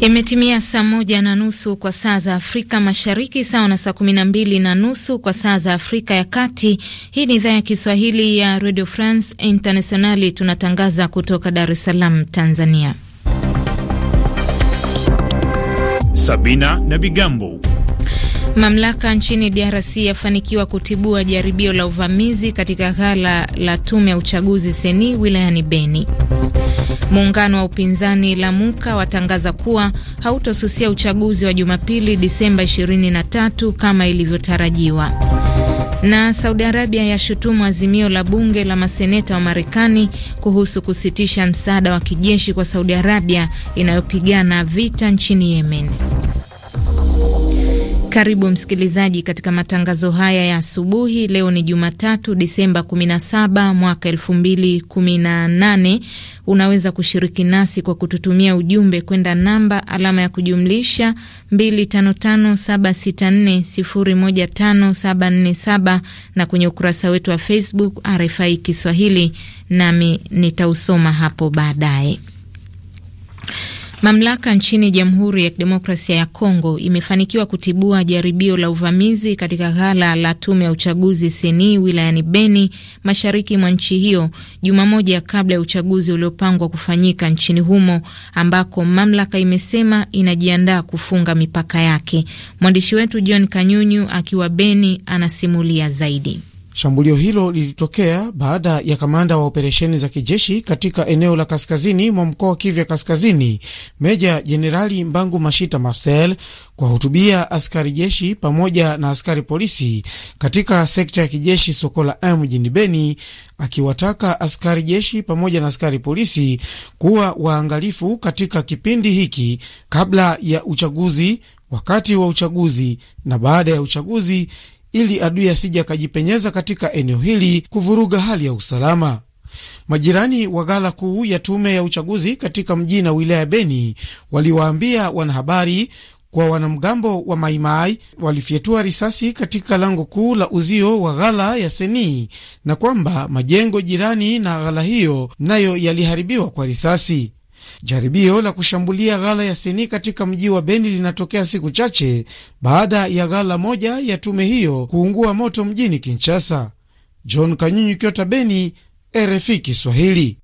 Imetimia saa moja na nusu kwa saa za Afrika Mashariki, sawa na saa kumi na mbili na nusu kwa saa za Afrika ya Kati. Hii ni idhaa ya Kiswahili ya Radio France Internationali, tunatangaza kutoka Dar es Salaam, Tanzania. Sabina na Bigambo. Mamlaka nchini DRC yafanikiwa kutibua jaribio la uvamizi katika ghala la tume ya uchaguzi seni wilayani Beni. Muungano wa upinzani Lamuka watangaza kuwa hautosusia uchaguzi wa Jumapili Disemba 23 kama ilivyotarajiwa. Na Saudi Arabia yashutumu azimio la bunge la maseneta wa Marekani kuhusu kusitisha msaada wa kijeshi kwa Saudi Arabia inayopigana vita nchini Yemen. Karibu msikilizaji katika matangazo haya ya asubuhi. Leo ni Jumatatu, Disemba 17 mwaka 2018. Unaweza kushiriki nasi kwa kututumia ujumbe kwenda namba alama ya kujumlisha 255764015747 na kwenye ukurasa wetu wa Facebook RFI Kiswahili, nami nitausoma hapo baadaye. Mamlaka nchini Jamhuri ya Kidemokrasia ya Kongo imefanikiwa kutibua jaribio la uvamizi katika ghala la tume ya uchaguzi seni wilayani Beni, mashariki mwa nchi hiyo, juma moja kabla ya uchaguzi uliopangwa kufanyika nchini humo, ambako mamlaka imesema inajiandaa kufunga mipaka yake. Mwandishi wetu John Kanyunyu akiwa Beni anasimulia zaidi. Shambulio hilo lilitokea baada ya kamanda wa operesheni za kijeshi katika eneo la kaskazini mwa mkoa wa Kivu Kaskazini, Meja Jenerali Mbangu Mashita Marcel kuwahutubia askari jeshi pamoja na askari polisi katika sekta ya kijeshi Sokola M mjini Beni, akiwataka askari jeshi pamoja na askari polisi kuwa waangalifu katika kipindi hiki kabla ya uchaguzi, wakati wa uchaguzi na baada ya uchaguzi ili adui asije akajipenyeza katika eneo hili kuvuruga hali ya usalama. Majirani wa ghala kuu ya tume ya uchaguzi katika mji na wilaya Beni waliwaambia wanahabari kwa wanamgambo wa Maimai walifyetua risasi katika lango kuu la uzio wa ghala ya Senii na kwamba majengo jirani na ghala hiyo nayo yaliharibiwa kwa risasi. Jaribio la kushambulia ghala ya Seni katika mji wa Beni linatokea siku chache baada ya ghala moja ya tume hiyo kuungua moto mjini Kinshasa. John Kanyunyu, Kyota, Beni, RFI Kiswahili.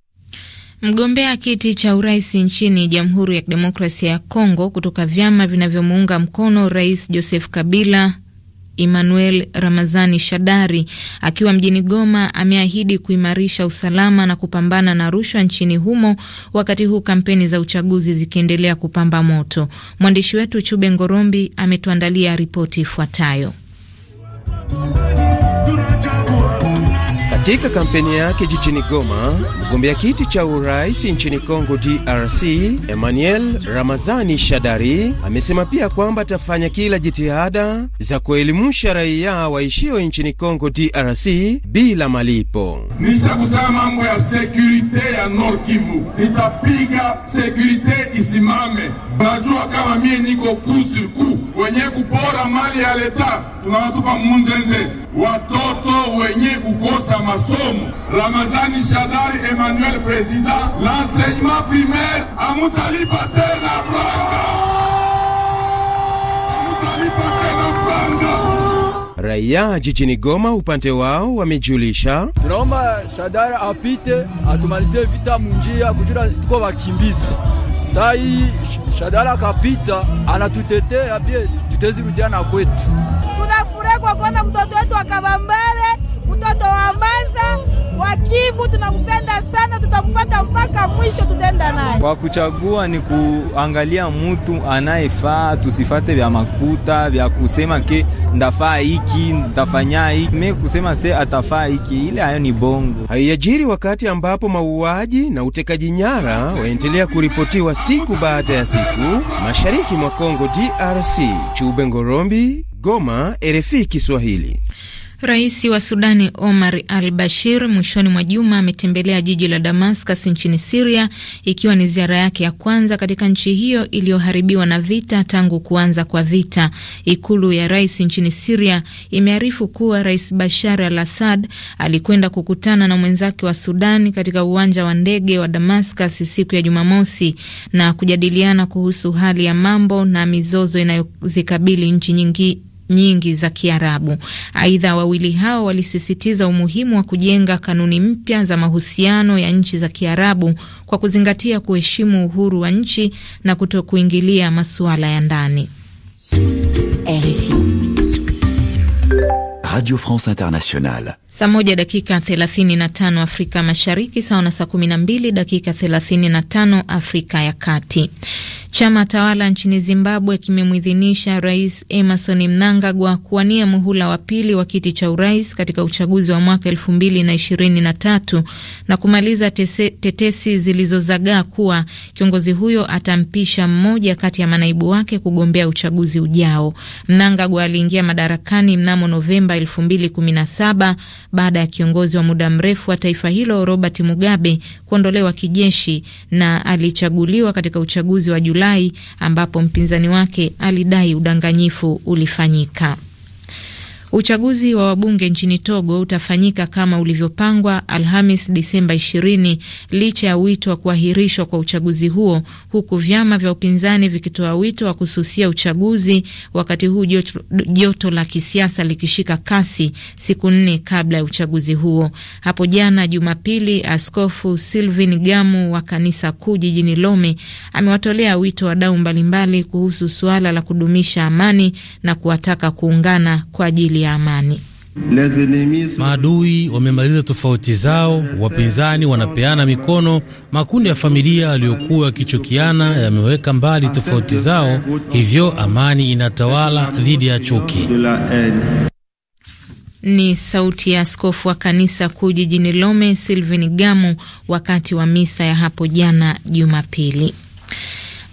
Mgombea kiti cha urais nchini Jamhuri ya Kidemokrasia ya Kongo kutoka vyama vinavyomuunga mkono Rais Joseph Kabila Emmanuel Ramazani Shadari akiwa mjini Goma ameahidi kuimarisha usalama na kupambana na rushwa nchini humo, wakati huu kampeni za uchaguzi zikiendelea kupamba moto. Mwandishi wetu Chube Ngorombi ametuandalia ripoti ifuatayo. Katika kampeni yake jijini Goma, mgombea kiti cha urais nchini Congo DRC Emmanuel Ramazani Shadari amesema pia kwamba atafanya kila jitihada za kuelimisha raia waishio nchini Congo DRC bila malipo. Nishakusema mambo ya sekurite ya Nord Kivu, nitapiga sekurite isimame. Bajua kama mie niko kusiku wenye kupora mali ya leta tunawatupa munzenze watoto wenye kuku sa masomo. Ramazani Shadari Emmanuel Prezida, l'enseignement primaire amutalipa tena franga, amutalipa tena franga. Raia jijini Goma upande wao wamejulisha, tunaomba Shadari apite atumalizie vita munjia, kujua tuko wakimbizi saa hii. Shadari akapita anatutetea bie, tutezi rudia na kwetu, tunafurahi kwa kuona mtoto wetu akabambale mtoto wa Mbanza wa Kivu, tunampenda sana, tutamfuata mpaka mwisho, tutaenda naye. Kwa kuchagua ni kuangalia mtu anayefaa, tusifate vya makuta vya kusema ke ndafaa hiki ndafanya hiki, mimi kusema se atafaa hiki, ile hayo ni bongo. Haijajiri wakati ambapo mauaji na utekaji nyara waendelea kuripotiwa siku baada ya siku mashariki mwa Kongo DRC. Chube Ngorombi, Goma, RFI Kiswahili. Rais wa Sudani Omar al Bashir mwishoni mwa juma ametembelea jiji la Damascus nchini Siria, ikiwa ni ziara yake ya kwanza katika nchi hiyo iliyoharibiwa na vita tangu kuanza kwa vita. Ikulu ya rais nchini Siria imearifu kuwa Rais Bashar al Assad alikwenda kukutana na mwenzake wa sudani katika uwanja wa ndege wa Damascus siku ya Jumamosi na kujadiliana kuhusu hali ya mambo na mizozo inayozikabili nchi nyingi nyingi za Kiarabu. Aidha, wawili hao walisisitiza umuhimu wa kujenga kanuni mpya za mahusiano ya nchi za Kiarabu kwa kuzingatia kuheshimu uhuru wa nchi na kutokuingilia masuala ya ndani. RFI Radio France Internationale. Saa moja dakika tano Afrika Mashariki, sawa na saa mbili dakika tano Afrika ya Kati. Chama tawala nchini Zimbabwe kimemwidhinisha Rais Emerson Mnangagwa kuwania muhula wa pili wa kiti cha urais katika uchaguzi wa mwaka mbili na kumaliza tese, tetesi zilizozagaa kuwa kiongozi huyo atampisha mmoja kati ya manaibu wake kugombea uchaguzi ujao. Mnangagwa aliingia madarakani mnamo Novemba saba baada ya kiongozi wa muda mrefu wa taifa hilo Robert Mugabe kuondolewa kijeshi na alichaguliwa katika uchaguzi wa Julai ambapo mpinzani wake alidai udanganyifu ulifanyika. Uchaguzi wa wabunge nchini Togo utafanyika kama ulivyopangwa Alhamis Disemba 20 licha ya wito wa kuahirishwa kwa uchaguzi huo, huku vyama vya upinzani vikitoa wito wa kususia uchaguzi, wakati huu joto, la kisiasa likishika kasi siku nne kabla ya uchaguzi huo. Hapo jana Jumapili, Askofu Sylvin Gamu wa kanisa kuu jijini Lome amewatolea wito wadau mbalimbali kuhusu suala la kudumisha amani na kuwataka kuungana kwa ajili ya amani. Maadui wamemaliza tofauti zao, wapinzani wanapeana mikono, makundi ya familia yaliyokuwa yakichukiana yameweka mbali tofauti zao, hivyo amani inatawala dhidi ya chuki. Ni sauti ya askofu wa kanisa kuu jijini Lome, Silvin Gamu, wakati wa misa ya hapo jana Jumapili.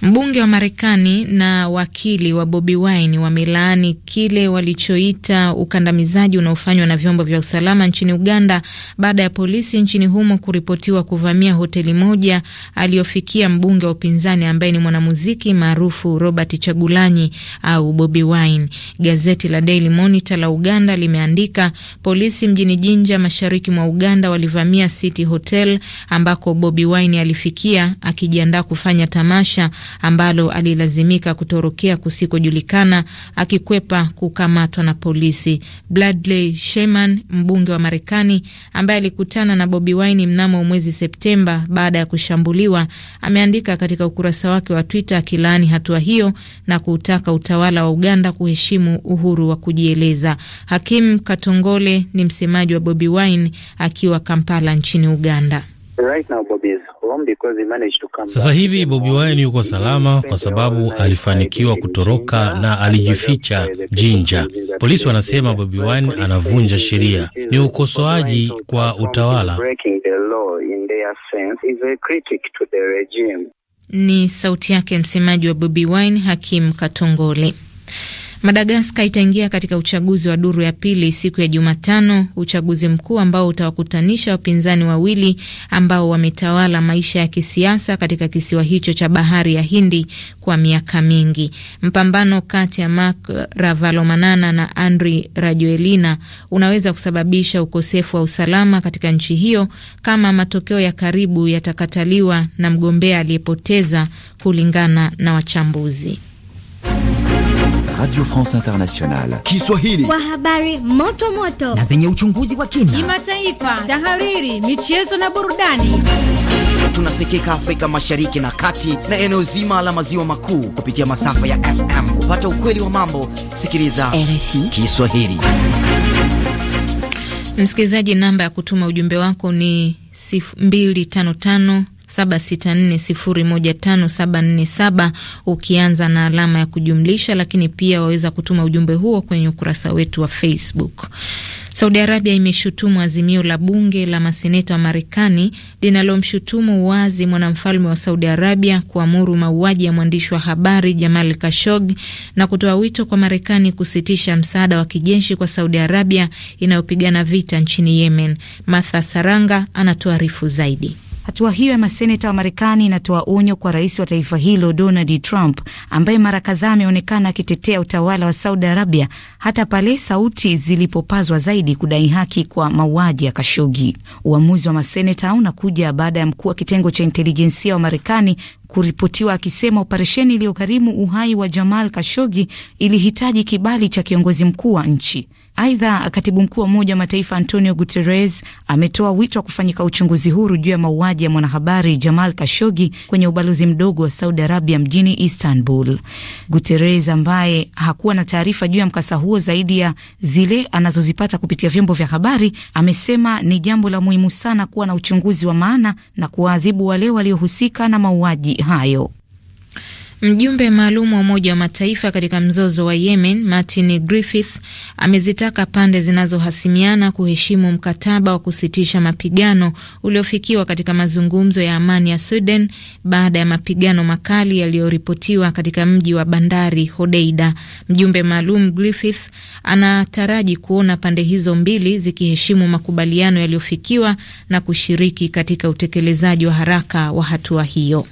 Mbunge wa Marekani na wakili wa Bobi Wine wamelaani kile walichoita ukandamizaji unaofanywa na vyombo vya usalama nchini Uganda baada ya polisi nchini humo kuripotiwa kuvamia hoteli moja aliyofikia mbunge wa upinzani ambaye ni mwanamuziki maarufu Robert Chagulanyi au Bobi Wine. Gazeti la Daily Monitor la Uganda limeandika polisi mjini Jinja, mashariki mwa Uganda, walivamia City Hotel ambako Bobi Wine alifikia akijiandaa kufanya tamasha ambalo alilazimika kutorokea kusikojulikana akikwepa kukamatwa na polisi. Bradley Sheman, mbunge wa Marekani ambaye alikutana na Bobi Wine mnamo mwezi Septemba baada ya kushambuliwa, ameandika katika ukurasa wake wa Twitter akilaani hatua hiyo na kuutaka utawala wa Uganda kuheshimu uhuru wa kujieleza. Hakim Katongole ni msemaji wa Bobi Wine akiwa Kampala nchini Uganda. Right now, Bobby is sasa hivi Bobi Wine yuko salama kwa sababu alifanikiwa kutoroka na alijificha Jinja. Polisi wanasema Bobi Wine anavunja sheria, ni ukosoaji kwa utawala. Ni sauti yake msemaji wa Bobi Wine Hakim Katongole. Madagaskar itaingia katika uchaguzi wa duru ya pili siku ya Jumatano, uchaguzi mkuu ambao utawakutanisha wapinzani wawili ambao wametawala maisha ya kisiasa katika kisiwa hicho cha bahari ya Hindi kwa miaka mingi. Mpambano kati ya Marc Ravalomanana na Andry Rajoelina unaweza kusababisha ukosefu wa usalama katika nchi hiyo kama matokeo ya karibu yatakataliwa na mgombea aliyepoteza, kulingana na wachambuzi. Radio France Internationale Kiswahili, kwa habari moto moto na zenye uchunguzi wa kina, kimataifa, tahariri, michezo na burudani. Tunasikika Afrika Mashariki na Kati na eneo zima la maziwa makuu kupitia masafa ya FM. Kupata ukweli wa mambo, sikiliza RFI Kiswahili. Msikilizaji, namba ya kutuma ujumbe wako ni 255 764015747 ukianza na alama ya kujumlisha, lakini pia waweza kutuma ujumbe huo kwenye ukurasa wetu wa Facebook. Saudi Arabia imeshutumu azimio la bunge la maseneta wa Marekani linalomshutumu wazi mwanamfalme wa Saudi Arabia kuamuru mauaji ya mwandishi wa habari Jamal kashog na kutoa wito kwa Marekani kusitisha msaada wa kijeshi kwa Saudi Arabia inayopigana vita nchini Yemen. Martha Saranga anatuarifu zaidi. Hatua hiyo ya maseneta wa Marekani inatoa onyo kwa rais wa taifa hilo Donald Trump, ambaye mara kadhaa ameonekana akitetea utawala wa Saudi Arabia hata pale sauti zilipopazwa zaidi kudai haki kwa mauaji ya Kashogi. Uamuzi wa maseneta unakuja baada ya mkuu wa kitengo cha intelijensia wa Marekani kuripotiwa akisema operesheni iliyogharimu uhai wa Jamal Kashogi ilihitaji kibali cha kiongozi mkuu wa nchi. Aidha, katibu mkuu wa Umoja wa Mataifa Antonio Guterres ametoa wito wa kufanyika uchunguzi huru juu ya mauaji ya mwanahabari Jamal Kashogi kwenye ubalozi mdogo wa Saudi Arabia mjini Istanbul. Guterres ambaye hakuwa na taarifa juu ya mkasa huo zaidi ya zile anazozipata kupitia vyombo vya habari, amesema ni jambo la muhimu sana kuwa na uchunguzi wa maana na kuwaadhibu wale waliohusika na mauaji hayo. Mjumbe maalum wa Umoja wa Mataifa katika mzozo wa Yemen, Martin Griffith, amezitaka pande zinazohasimiana kuheshimu mkataba wa kusitisha mapigano uliofikiwa katika mazungumzo ya amani ya Sudan baada ya mapigano makali yaliyoripotiwa katika mji wa bandari Hodeida. Mjumbe maalum Griffith anataraji kuona pande hizo mbili zikiheshimu makubaliano yaliyofikiwa na kushiriki katika utekelezaji wa haraka wa hatua hiyo.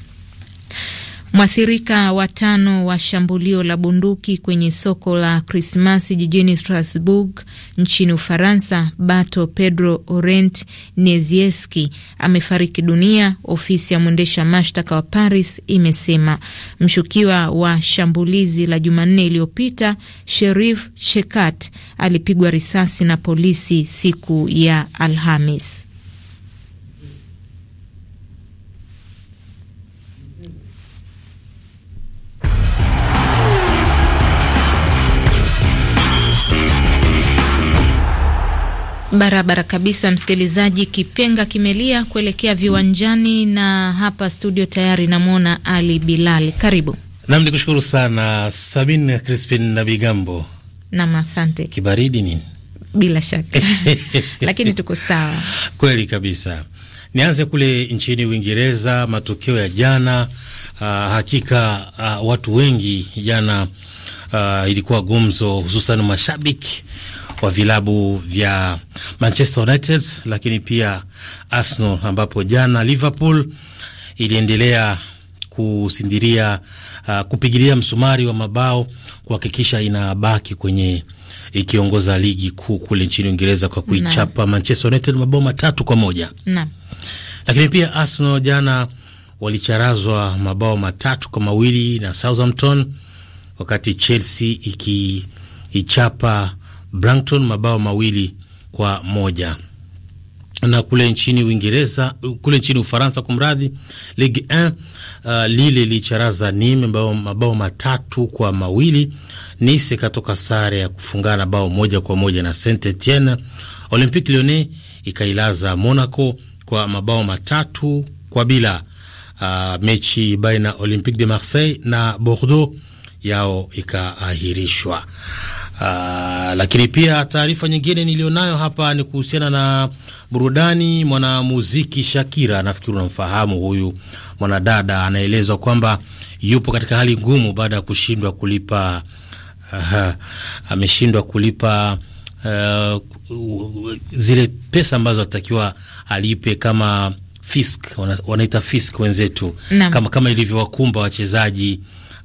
Mwathirika watano wa shambulio la bunduki kwenye soko la Krismasi jijini Strasbourg nchini Ufaransa, Bato Pedro Orent nezieski amefariki dunia, ofisi ya mwendesha mashtaka wa Paris imesema. Mshukiwa wa shambulizi la Jumanne iliyopita, Sherif Shekat, alipigwa risasi na polisi siku ya Alhamis. Barabara kabisa, msikilizaji. Kipenga kimelia kuelekea viwanjani, na hapa studio tayari namwona Ali bilal Karibu nam, ni kushukuru sana Sabin Crispin na Bigambo nam, asante. Kibaridi nini? Bila shaka lakini tuko sawa kweli kabisa. Nianze kule nchini Uingereza, matokeo ya jana. Uh, hakika uh, watu wengi jana, uh, ilikuwa gumzo, hususan mashabiki wa vilabu vya Manchester United, lakini pia Arsenal, ambapo jana Liverpool iliendelea kusindiria uh, kupigilia msumari wa mabao kuhakikisha inabaki kwenye ikiongoza ligi kuu kule nchini Uingereza kwa kuichapa Manchester United mabao matatu kwa moja na. Lakini pia Arsenal jana walicharazwa mabao matatu kwa mawili na Southampton, wakati Chelsea ikiichapa Brankton mabao mawili kwa moja. Na kule nchini Uingereza, kule nchini Ufaransa kwa mradhi, Ligue 1 uh, Lille ilicharaza Nîmes mabao, mabao matatu kwa mawili. Nice ikatoka sare ya kufungana bao moja kwa moja na Saint Etienne. Olympique Lyonnais ikailaza Monaco kwa mabao matatu kwa bila. Uh, mechi baina Olympique de Marseille na Bordeaux yao ikaahirishwa. Ah, lakini pia taarifa nyingine niliyonayo hapa ni kuhusiana na burudani. Mwanamuziki Shakira, nafikiri unamfahamu huyu mwanadada, anaelezwa kwamba yupo katika hali ngumu baada ya kushindwa kulipa uh, ameshindwa kulipa uh, zile pesa ambazo atakiwa alipe kama fisk, wanaita fisk wenzetu, kama, kama ilivyowakumba wachezaji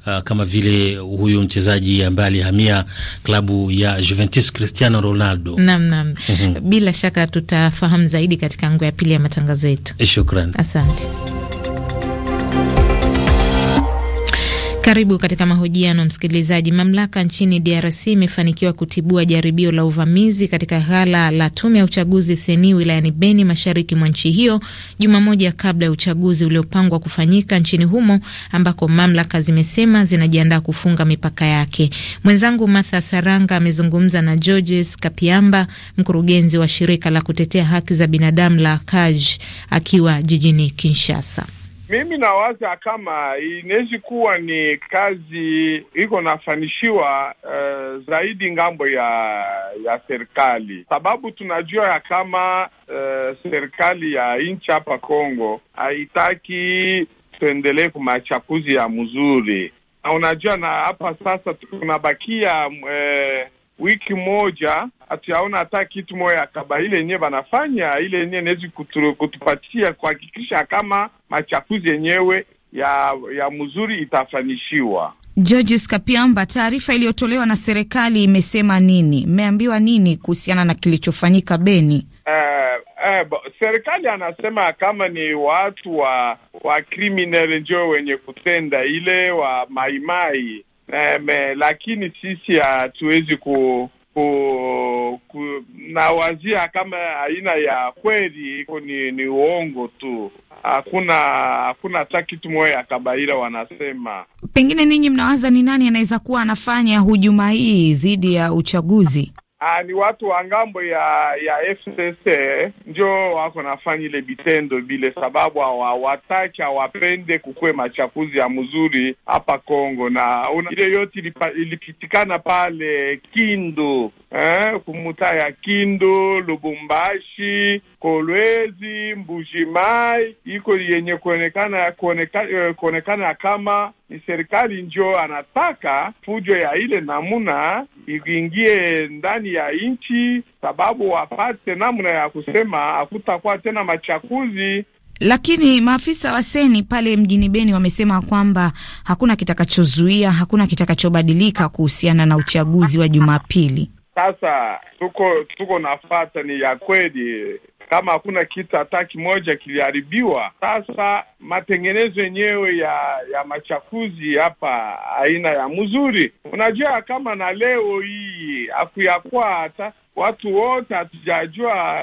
uh, kama vile huyu mchezaji ambaye alihamia klabu ya Juventus Cristiano Ronaldo. Naam, naam. Mm -hmm. Bila shaka tutafahamu zaidi katika ngo ya pili ya matangazo yetu. Shukran. Asante. Karibu katika mahojiano msikilizaji. Mamlaka nchini DRC imefanikiwa kutibua jaribio la uvamizi katika ghala la tume ya uchaguzi seni wilayani Beni, mashariki mwa nchi hiyo, juma moja kabla ya uchaguzi uliopangwa kufanyika nchini humo, ambako mamlaka zimesema zinajiandaa kufunga mipaka yake. Mwenzangu Martha Saranga amezungumza na Georges Kapiamba, mkurugenzi wa shirika la kutetea haki za binadamu la kaj akiwa jijini Kinshasa. Mimi nawaza kama inawezi kuwa ni kazi iko nafanishiwa uh, zaidi ngambo ya ya serikali, sababu tunajua ya kama uh, serikali ya nchi hapa Kongo haitaki tuendelee kwa machafuzi ya mzuri, na unajua na hapa sasa tunabakia uh, wiki moja hatuyaona hata kitu moya kaba ile yenyewe banafanya ile yenyewe nezi kutupatia kuhakikisha kama machafuzi yenyewe ya ya mzuri itafanishiwa. Georges Kapiamba, taarifa iliyotolewa na serikali imesema nini? Mmeambiwa nini kuhusiana na kilichofanyika Beni? Eh, eh, serikali anasema kama ni watu wa wa criminal wenye kutenda ile wa maimai Eme, eh, lakini sisi hatuwezi ku, ku, ku nawazia kama aina ya kweli iko ni, ni uongo tu, hakuna hakuna hata kitu moja ya kabaila wanasema. Pengine ninyi mnawaza ni nani anaweza kuwa anafanya hujuma hii dhidi ya uchaguzi? Aa, ah, ni watu wa ngambo ya ya FCC njo wako nafanya ile vitendo bile, sababu hawataki hawapende kukwe machafuzi ya mzuri hapa Kongo, na una ile yote ilipitikana pale Kindu eh, kumuta ya Kindo, Lubumbashi, Kolwezi, Mbujimai iko yenye kuonekana kuonekana eh, kuonekana kama ni serikali njo anataka fujo ya ile namuna iingie ndani ya nchi, sababu wapate namna ya kusema hakutakuwa tena machakuzi lakini maafisa wa seni pale mjini Beni wamesema kwamba hakuna kitakachozuia, hakuna kitakachobadilika kuhusiana na uchaguzi wa Jumapili. Sasa tuko tuko nafata ni ya kweli, kama hakuna kitu hata kimoja kiliharibiwa. Sasa matengenezo yenyewe ya ya machafuzi hapa aina ya mzuri, unajua kama na leo hii akuyakwa hata watu wote hatujajua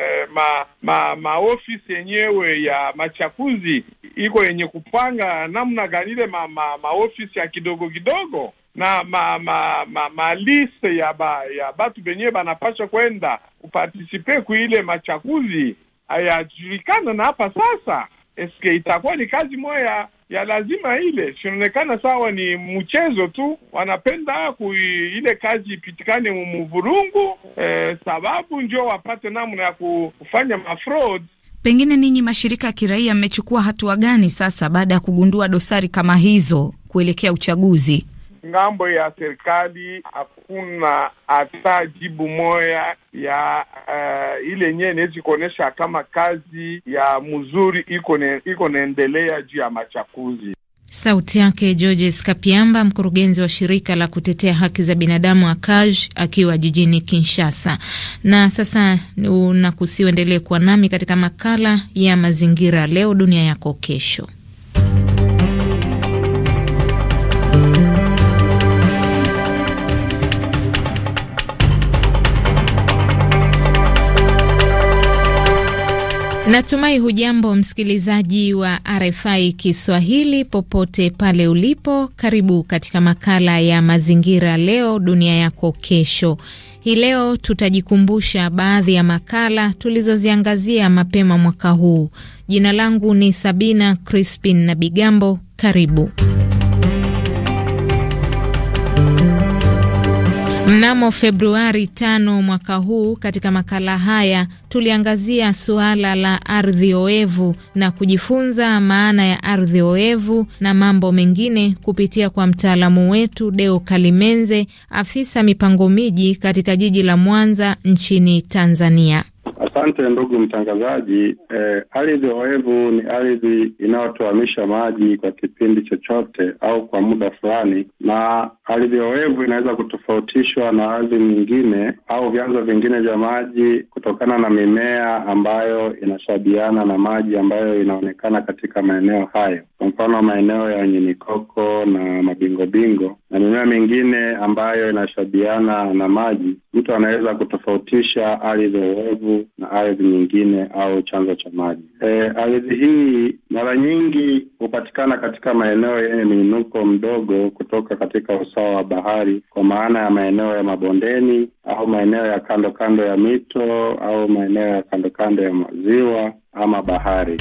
eh, ma, ma, maofisi yenyewe ya machafuzi iko yenye kupanga namna gani ile ma, ma, maofisi ya kidogo kidogo na ma, ma, ma, ma liste ya ba, ya batu benye banapasha kwenda upartisipe kuile machakuzi ayajulikana na hapa sasa. Eske itakuwa ni kazi moya ya lazima ile sinaonekana sawa ni mchezo tu, wanapenda ile kazi ipitikane mvurungu eh, sababu njo wapate namna ya kufanya mafraud. Pengine ninyi mashirika ya kiraia mmechukua hatua gani sasa baada ya kugundua dosari kama hizo kuelekea uchaguzi? ngambo ya serikali hakuna hata jibu moya ya uh, ile nyee inawezi kuonyesha kama kazi ya mzuri iko naendelea juu ya machakuzi Sauti yake Georges Kapiamba, mkurugenzi wa shirika la kutetea haki za binadamu KAJ akiwa jijini Kinshasa. Na sasa unakusiuendelee kuwa nami katika makala ya mazingira, leo dunia yako kesho. Natumai hujambo msikilizaji wa RFI Kiswahili popote pale ulipo. Karibu katika makala ya mazingira leo dunia yako kesho. Hii leo tutajikumbusha baadhi ya makala tulizoziangazia mapema mwaka huu. Jina langu ni Sabina Crispin na Bigambo. Karibu. Mnamo Februari tano mwaka huu, katika makala haya tuliangazia suala la ardhi oevu na kujifunza maana ya ardhi oevu na mambo mengine kupitia kwa mtaalamu wetu Deo Kalimenze, afisa mipango miji katika jiji la Mwanza nchini Tanzania. Asante ndugu mtangazaji. Eh, ardhi oevu ni ardhi inayotuamisha maji kwa kipindi chochote au kwa muda fulani, na ardhi oevu inaweza kutofautishwa na ardhi nyingine au vyanzo vingine vya maji kutokana na mimea ambayo inashabiana na maji ambayo inaonekana katika maeneo hayo kwa mfano maeneo ya wenye mikoko na mabingobingo na mimea mingine ambayo inashabiana na maji, mtu anaweza kutofautisha ardhi oevu na ardhi nyingine au chanzo cha maji. E, ardhi hii mara nyingi hupatikana katika maeneo yenye miinuko mdogo kutoka katika usawa wa bahari, kwa maana ya maeneo ya mabondeni au maeneo ya kando kando ya mito au maeneo ya kando kando ya maziwa ama bahari.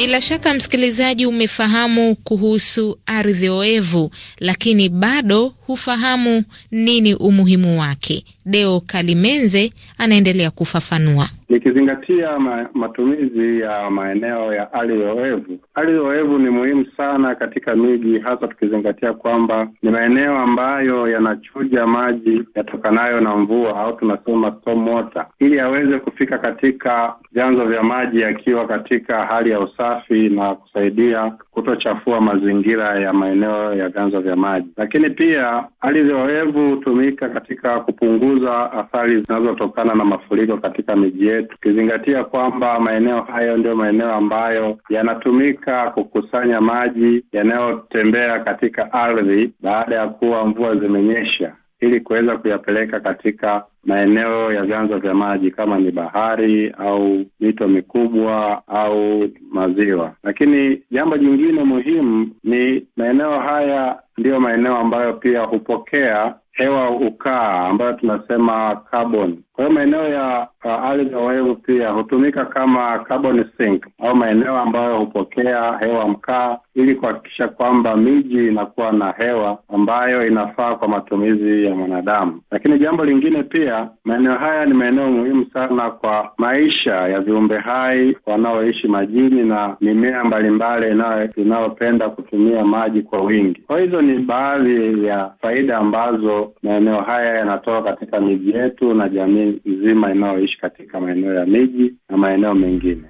Bila shaka msikilizaji, umefahamu kuhusu ardhi oevu, lakini bado hufahamu nini umuhimu wake. Deo Kalimenze anaendelea kufafanua. Nikizingatia ma, matumizi ya maeneo ya ardhi oevu. Ardhi oevu ni muhimu sana katika miji, hasa tukizingatia kwamba ni maeneo ambayo yanachuja maji yatokanayo na mvua au tunasema storm water, ili yaweze kufika katika vyanzo vya maji yakiwa katika hali ya usafi na kusaidia kutochafua mazingira ya maeneo ya vyanzo vya maji. Lakini pia ardhi oevu hutumika katika kupunguza athari zinazotokana na mafuriko katika miji yetu tukizingatia kwamba maeneo hayo ndio maeneo ambayo yanatumika kukusanya maji yanayotembea katika ardhi baada ya kuwa mvua zimenyesha ili kuweza kuyapeleka katika maeneo ya vyanzo vya maji kama ni bahari au mito mikubwa au maziwa. Lakini jambo jingine muhimu ni maeneo haya ndiyo maeneo ambayo pia hupokea hewa ukaa ambayo tunasema carbon kwa hiyo maeneo ya uh, ardhi oevu pia hutumika kama carbon sink au maeneo ambayo hupokea hewa mkaa, ili kuhakikisha kwamba miji inakuwa na hewa ambayo inafaa kwa matumizi ya mwanadamu. Lakini jambo lingine pia, maeneo haya ni maeneo muhimu sana kwa maisha ya viumbe hai wanaoishi majini na mimea mbalimbali inayopenda kutumia maji kwa wingi. Kwa hizo ni baadhi ya faida ambazo maeneo haya yanatoa katika miji yetu na jamii nzima inayoishi katika maeneo ya miji na maeneo mengine.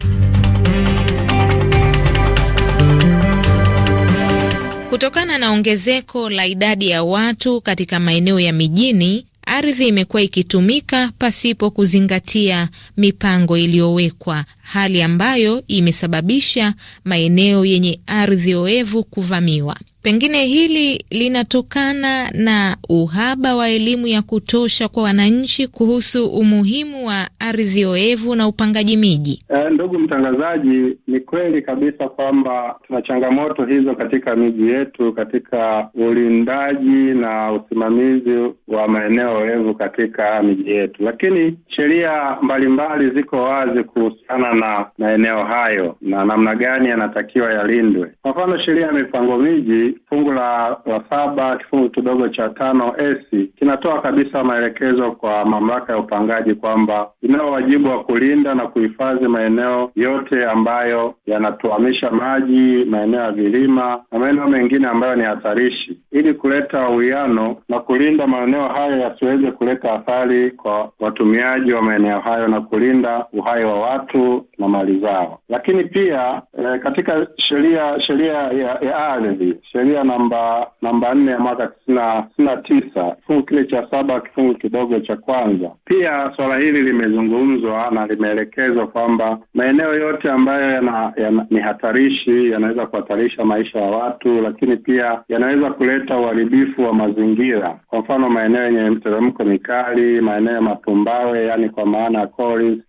Kutokana na ongezeko la idadi ya watu katika maeneo ya mijini, ardhi imekuwa ikitumika pasipo kuzingatia mipango iliyowekwa, hali ambayo imesababisha maeneo yenye ardhi oevu kuvamiwa. Pengine hili linatokana na uhaba wa elimu ya kutosha kwa wananchi kuhusu umuhimu wa ardhi oevu na upangaji miji. E, ndugu mtangazaji, ni kweli kabisa kwamba tuna changamoto hizo katika miji yetu, katika ulindaji na usimamizi wa maeneo oevu katika miji yetu, lakini sheria mbalimbali ziko wazi kuhusiana na maeneo hayo na namna gani yanatakiwa yalindwe. Kwa mfano, sheria ya mipango miji fungu la, la saba kifungu kidogo cha tano s kinatoa kabisa maelekezo kwa mamlaka ya upangaji kwamba inayo wajibu wa kulinda na kuhifadhi maeneo yote ambayo yanatuamisha maji, maeneo ya vilima na maeneo mengine ambayo ni hatarishi, ili kuleta uwiano na kulinda maeneo hayo yasiweze kuleta athari kwa watumiaji wa maeneo hayo na kulinda uhai wa watu na mali zao. Lakini pia eh, katika sheria sheria ya, ya ardhi sheria namba namba nne ya mwaka tisini na tisa kifungu kile cha saba kifungu kidogo cha kwanza. Pia suala hili limezungumzwa na limeelekezwa kwamba maeneo yote ambayo yana, yana, ni hatarishi yanaweza kuhatarisha maisha ya watu, lakini pia yanaweza kuleta uharibifu wa mazingira, kwa mfano maeneo yenye mteremko mikali, maeneo ya matumbawe, yaani kwa maana ya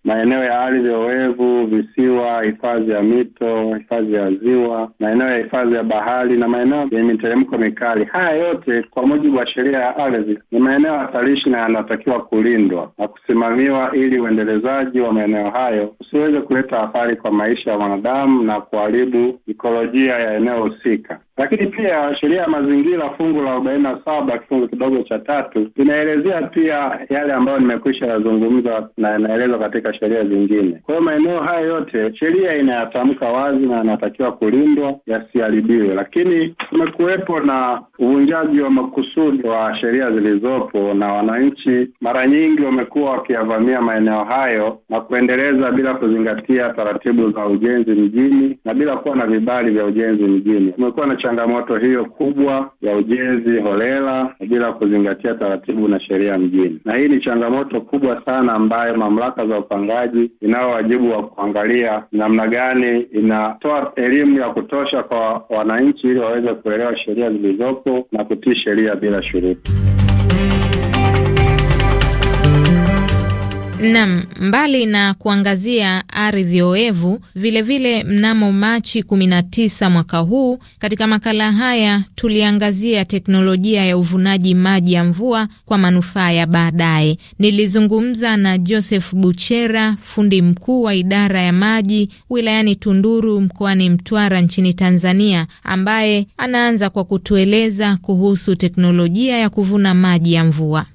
maeneo ya ardhi oevu, visiwa, hifadhi ya mito, hifadhi ya ziwa, maeneo ya hifadhi ya bahari na maeneo maeneo yenye miteremko mikali. Haya yote kwa mujibu wa sheria ya ardhi ni maeneo hatarishi na yanatakiwa kulindwa na kusimamiwa ili uendelezaji wa maeneo hayo usiweze kuleta athari kwa maisha ya mwanadamu na kuharibu ikolojia ya eneo husika. Lakini pia sheria ya mazingira fungu la arobaini na saba kifungu kidogo cha tatu inaelezea pia yale ambayo nimekwisha yazungumza na yanaelezwa katika sheria zingine. Kwa hiyo maeneo haya yote sheria inayatamka wazi na yanatakiwa kulindwa yasiharibiwe, lakini kumekuwepo na uvunjaji wa makusudi wa sheria zilizopo, na wananchi mara nyingi wamekuwa wakiyavamia maeneo hayo na kuendeleza bila kuzingatia taratibu za ujenzi mjini na bila kuwa na vibali vya ujenzi mjini. Kumekuwa na changamoto hiyo kubwa ya ujenzi holela bila kuzingatia taratibu na sheria mjini, na hii ni changamoto kubwa sana ambayo mamlaka za upangaji inao wajibu wa kuangalia namna gani inatoa elimu ya kutosha kwa wananchi ili waweze kuelewa sheria zilizopo na kutii sheria bila shuruti. Nam, mbali na kuangazia ardhi oevu, vilevile mnamo Machi 19 mwaka huu, katika makala haya tuliangazia teknolojia ya uvunaji maji ya mvua kwa manufaa ya baadaye. Nilizungumza na Joseph Buchera, fundi mkuu wa idara ya maji wilayani Tunduru mkoani Mtwara nchini Tanzania, ambaye anaanza kwa kutueleza kuhusu teknolojia ya kuvuna maji ya mvua.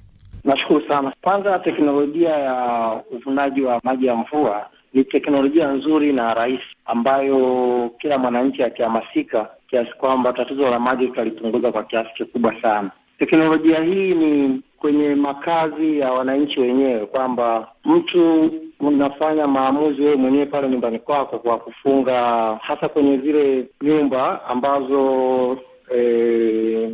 Nashukuru sana. Kwanza, teknolojia ya uvunaji wa maji ya mvua ni teknolojia nzuri na rahisi ambayo kila mwananchi akihamasika kiasi kwamba tatizo la maji tutalipunguza kwa kiasi kikubwa sana. Teknolojia hii ni kwenye makazi ya wananchi wenyewe, kwamba mtu unafanya maamuzi wewe mwenyewe pale nyumbani kwako kwa kufunga, hasa kwenye zile nyumba ambazo e,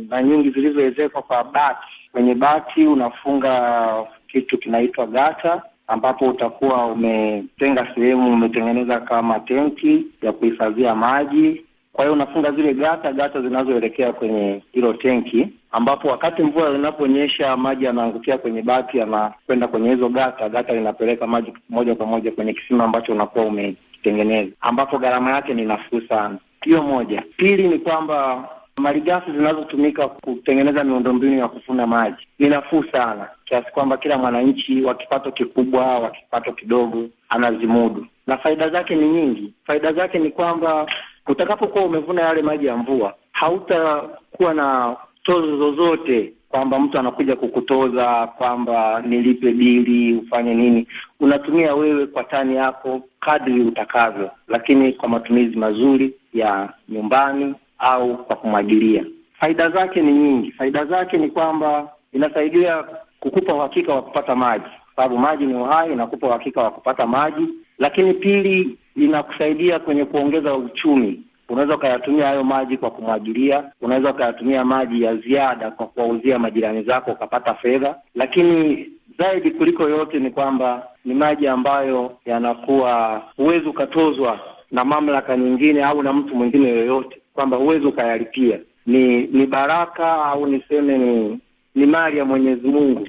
na nyingi zilizoezekwa kwa bati Kwenye bati unafunga kitu kinaitwa gata ambapo utakuwa umetenga sehemu, umetengeneza kama tenki ya kuhifadhia maji. Kwa hiyo unafunga zile gata gata zinazoelekea kwenye hilo tenki, ambapo wakati mvua inaponyesha maji yanaangukia kwenye bati, yanakwenda kwenye hizo gata gata, linapeleka maji moja kwa moja kwenye kisima ambacho unakuwa umekitengeneza, ambapo gharama yake ni nafuu sana. Hiyo moja. Pili ni kwamba Malighafi zinazotumika kutengeneza miundombinu ya kufuna maji ni nafuu sana, kiasi kwamba kila mwananchi wa kipato kikubwa, wa kipato kidogo anazimudu, na faida zake ni nyingi. Faida zake ni kwamba utakapokuwa umevuna yale maji ya mvua, hautakuwa na tozo zozote kwamba mtu anakuja kukutoza kwamba nilipe bili ufanye nini. Unatumia wewe kwa tani yako kadri utakavyo, lakini kwa matumizi mazuri ya nyumbani au kwa kumwagilia. Faida zake ni nyingi. Faida zake ni kwamba inasaidia kukupa uhakika wa kupata maji, sababu maji ni uhai, inakupa uhakika wa kupata maji. Lakini pili, inakusaidia kwenye kuongeza uchumi. Unaweza ukayatumia hayo maji kwa kumwagilia, unaweza ukayatumia maji ya ziada kwa kuwauzia majirani zako ukapata fedha. Lakini zaidi kuliko yote ni kwamba ni maji ambayo yanakuwa huwezi ukatozwa na mamlaka nyingine au na mtu mwingine yoyote, kwamba huwezi ukayalipia. Ni ni baraka au niseme ni, ni mali ya Mwenyezi Mungu.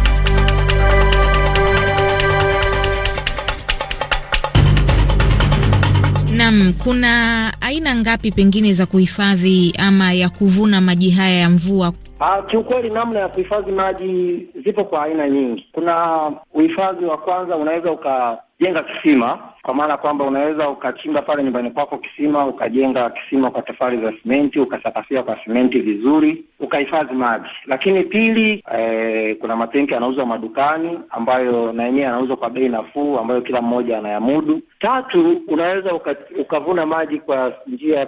Nam, kuna aina ngapi pengine za kuhifadhi ama ya kuvuna maji haya ya mvua? Ah, kiukweli namna ya kuhifadhi maji zipo kwa aina nyingi. Kuna uhifadhi wa kwanza, unaweza ukajenga kisima, kwa maana kwamba unaweza ukachimba pale nyumbani kwako kisima, ukajenga kisima kwa tofali za simenti, ukasakafia kwa simenti vizuri, ukahifadhi maji. Lakini pili, eh, kuna matenki yanauzwa madukani ambayo na yenyewe yanauzwa kwa bei nafuu ambayo kila mmoja anayamudu. Tatu, unaweza uka, ukavuna maji kwa njia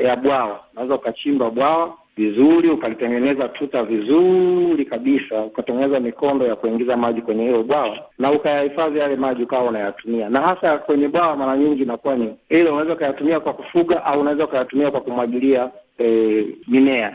ya bwawa, unaweza ukachimba bwawa vizuri, ukalitengeneza tuta vizuri kabisa, ukatengeneza mikondo ya kuingiza maji kwenye hilo bwawa na ukayahifadhi yale maji, ukawa unayatumia. Na hasa kwenye bwawa, mara nyingi inakuwa ni ile, unaweza ukayatumia kwa kufuga au unaweza ukayatumia kwa kumwagilia e, mimea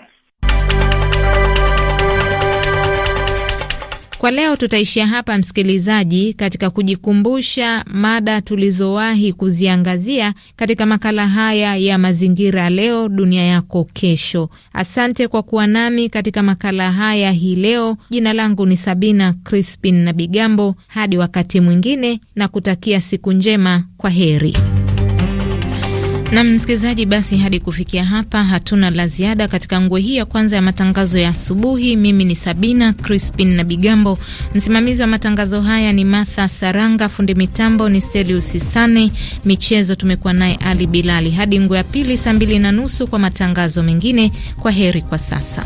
Kwa leo tutaishia hapa, msikilizaji, katika kujikumbusha mada tulizowahi kuziangazia katika makala haya ya mazingira, leo dunia yako kesho. Asante kwa kuwa nami katika makala haya hii leo. Jina langu ni Sabina Crispin na Bigambo. Hadi wakati mwingine, na kutakia siku njema. Kwa heri. Na msikilizaji, basi hadi kufikia hapa hatuna la ziada katika ngwe hii ya kwanza ya matangazo ya asubuhi. Mimi ni Sabina Crispin na Bigambo, msimamizi wa matangazo haya ni Martha Saranga, fundi mitambo ni Stelius Sane, michezo tumekuwa naye Ali Bilali. Hadi ngwe ya pili saa mbili na nusu kwa matangazo mengine. Kwa heri kwa sasa.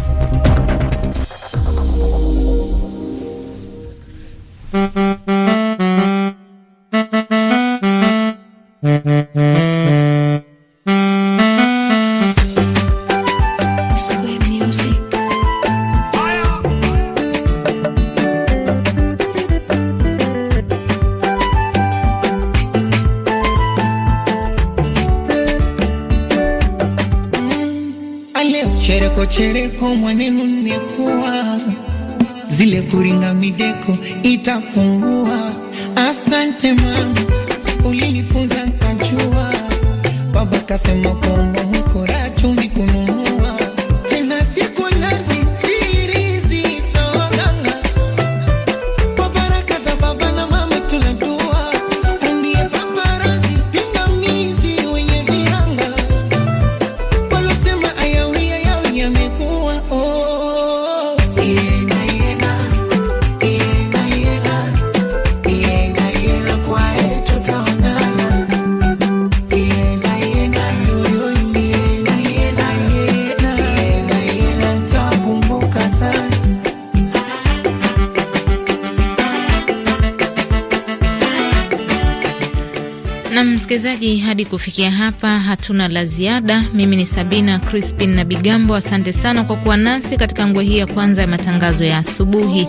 Msikilizaji, hadi kufikia hapa hatuna la ziada. Mimi ni Sabina Crispin na Bigambo, asante sana kwa kuwa nasi katika ngwe hii ya kwanza ya matangazo ya asubuhi.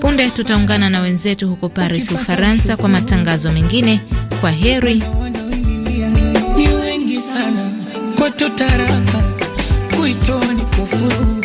Punde tutaungana na wenzetu huko Paris, Ufaransa, kwa matangazo mengine. Kwa heri. kwa tutaraka kuitoni kufuru